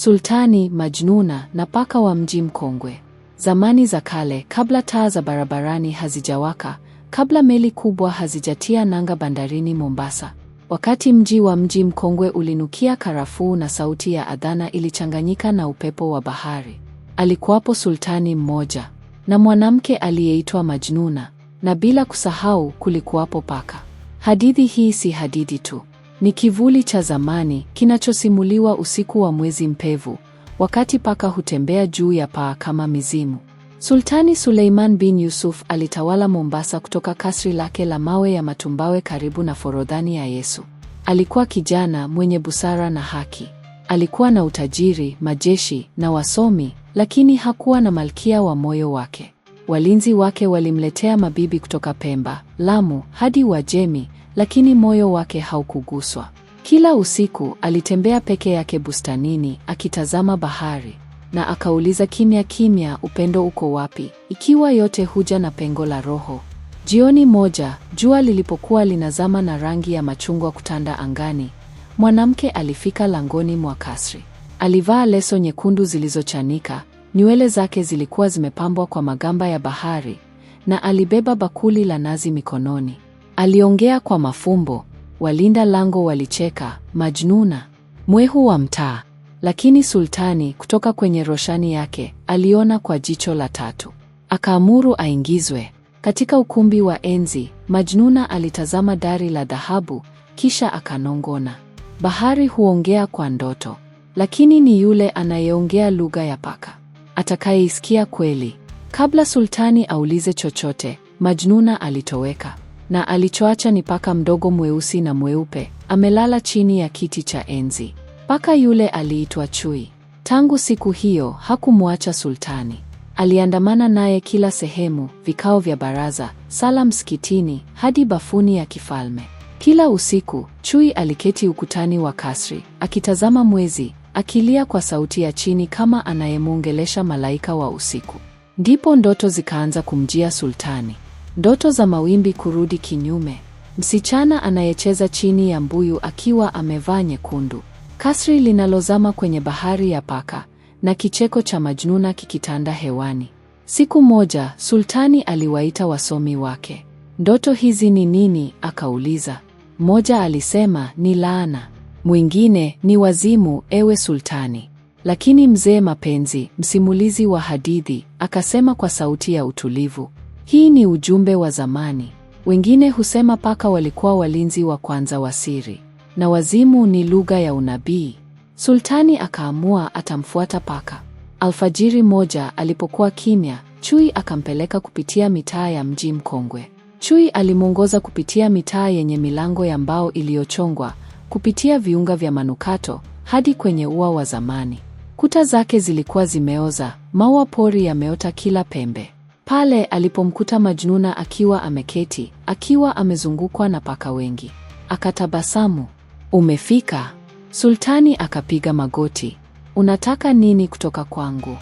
Sultani, Majnuna na Paka wa Mji Mkongwe. Zamani za kale, kabla taa za barabarani hazijawaka, kabla meli kubwa hazijatia nanga bandarini Mombasa, wakati mji wa Mji Mkongwe ulinukia karafuu na sauti ya adhana ilichanganyika na upepo wa bahari, alikuwapo sultani mmoja na mwanamke aliyeitwa Majnuna, na bila kusahau kulikuwapo paka. Hadithi hii si hadithi tu ni kivuli cha zamani kinachosimuliwa usiku wa mwezi mpevu, wakati paka hutembea juu ya paa kama mizimu. Sultani Suleiman bin Yusuf alitawala Mombasa kutoka kasri lake la mawe ya Matumbawe karibu na Forodhani ya Yesu. Alikuwa kijana mwenye busara na haki. Alikuwa na utajiri, majeshi na wasomi, lakini hakuwa na malkia wa moyo wake. Walinzi wake walimletea mabibi kutoka Pemba, Lamu hadi wajemi lakini moyo wake haukuguswa. Kila usiku alitembea peke yake bustanini akitazama bahari na akauliza kimya kimya, upendo uko wapi, ikiwa yote huja na pengo la roho. Jioni moja, jua lilipokuwa linazama na rangi ya machungwa kutanda angani, mwanamke alifika langoni mwa kasri. Alivaa leso nyekundu zilizochanika, nywele zake zilikuwa zimepambwa kwa magamba ya bahari, na alibeba bakuli la nazi mikononi. Aliongea kwa mafumbo, walinda lango walicheka, majnuna, mwehu wa mtaa. Lakini sultani kutoka kwenye roshani yake aliona kwa jicho la tatu, akaamuru aingizwe katika ukumbi wa enzi. Majnuna alitazama dari la dhahabu, kisha akanongona, bahari huongea kwa ndoto, lakini ni yule anayeongea lugha ya paka atakayeisikia kweli. Kabla sultani aulize chochote, Majnuna alitoweka na alichoacha ni paka mdogo mweusi na mweupe, amelala chini ya kiti cha enzi. Paka yule aliitwa Chui. Tangu siku hiyo hakumwacha Sultani. Aliandamana naye kila sehemu, vikao vya baraza, sala msikitini, hadi bafuni ya kifalme. Kila usiku Chui aliketi ukutani wa kasri akitazama mwezi, akilia kwa sauti ya chini kama anayemwongelesha malaika wa usiku. Ndipo ndoto zikaanza kumjia Sultani. Ndoto za mawimbi kurudi kinyume. Msichana anayecheza chini ya mbuyu akiwa amevaa nyekundu, kasri linalozama kwenye bahari ya paka, na kicheko cha Majnuna kikitanda hewani. Siku moja sultani aliwaita wasomi wake. Ndoto hizi ni nini? Akauliza. Mmoja alisema ni laana, mwingine ni wazimu, ewe sultani. Lakini mzee Mapenzi, msimulizi wa hadithi, akasema kwa sauti ya utulivu, hii ni ujumbe wa zamani. Wengine husema paka walikuwa walinzi wa kwanza wa siri na wazimu ni lugha ya unabii. Sultani akaamua atamfuata paka. Alfajiri moja alipokuwa kimya, chui akampeleka kupitia mitaa ya mji mkongwe. Chui alimwongoza kupitia mitaa yenye milango ya mbao iliyochongwa, kupitia viunga vya manukato hadi kwenye ua wa zamani. Kuta zake zilikuwa zimeoza, maua pori yameota kila pembe pale alipomkuta Majnuna akiwa ameketi, akiwa amezungukwa na paka wengi. Akatabasamu. Umefika. Sultani akapiga magoti. Unataka nini kutoka kwangu?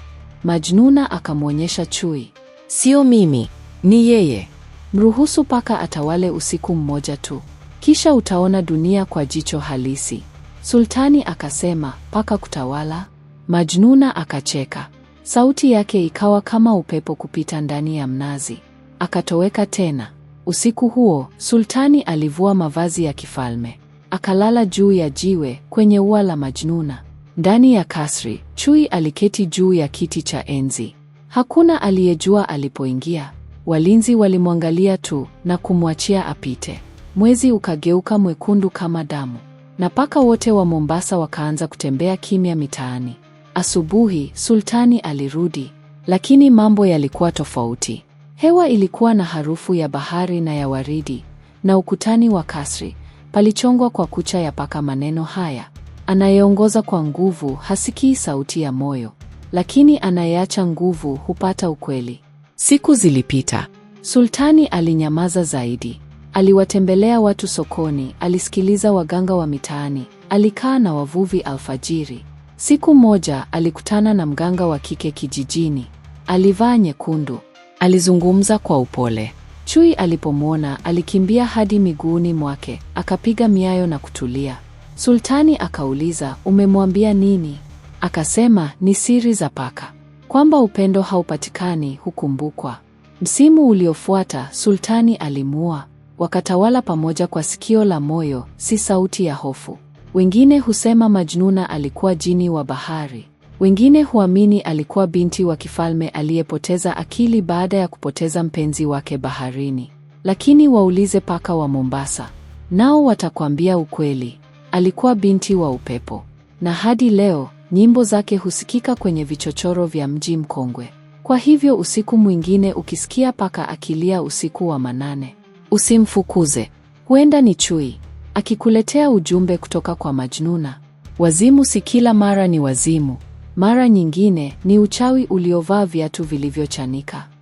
Majnuna akamwonyesha chui. Sio mimi, ni yeye. Mruhusu paka atawale usiku mmoja tu, kisha utaona dunia kwa jicho halisi. Sultani akasema, paka kutawala? Majnuna akacheka. Sauti yake ikawa kama upepo kupita ndani ya mnazi. Akatoweka tena. Usiku huo, Sultani alivua mavazi ya kifalme, akalala juu ya jiwe kwenye ua la Majnuna. Ndani ya kasri, chui aliketi juu ya kiti cha enzi. Hakuna aliyejua alipoingia. Walinzi walimwangalia tu na kumwachia apite. Mwezi ukageuka mwekundu kama damu, na paka wote wa Mombasa wakaanza kutembea kimya mitaani. Asubuhi sultani alirudi, lakini mambo yalikuwa tofauti. Hewa ilikuwa na harufu ya bahari na ya waridi, na ukutani wa kasri palichongwa kwa kucha ya paka maneno haya: anayeongoza kwa nguvu hasikii sauti ya moyo, lakini anayeacha nguvu hupata ukweli. Siku zilipita, sultani alinyamaza zaidi. Aliwatembelea watu sokoni, alisikiliza waganga wa mitaani, alikaa na wavuvi alfajiri. Siku moja alikutana na mganga wa kike kijijini. Alivaa nyekundu, alizungumza kwa upole. Chui alipomwona alikimbia hadi miguuni mwake, akapiga miayo na kutulia. Sultani akauliza, umemwambia nini? Akasema, ni siri za paka, kwamba upendo haupatikani hukumbukwa. Msimu uliofuata sultani alimua, wakatawala pamoja kwa sikio la moyo, si sauti ya hofu. Wengine husema Majnuna alikuwa jini wa bahari. Wengine huamini alikuwa binti wa kifalme aliyepoteza akili baada ya kupoteza mpenzi wake baharini. Lakini waulize paka wa Mombasa, nao watakwambia ukweli. Alikuwa binti wa upepo. Na hadi leo nyimbo zake husikika kwenye vichochoro vya mji mkongwe. Kwa hivyo usiku mwingine ukisikia paka akilia usiku wa manane, usimfukuze. Huenda ni chui akikuletea ujumbe kutoka kwa Majnuna. Wazimu si kila mara ni wazimu, mara nyingine ni uchawi uliovaa viatu vilivyochanika.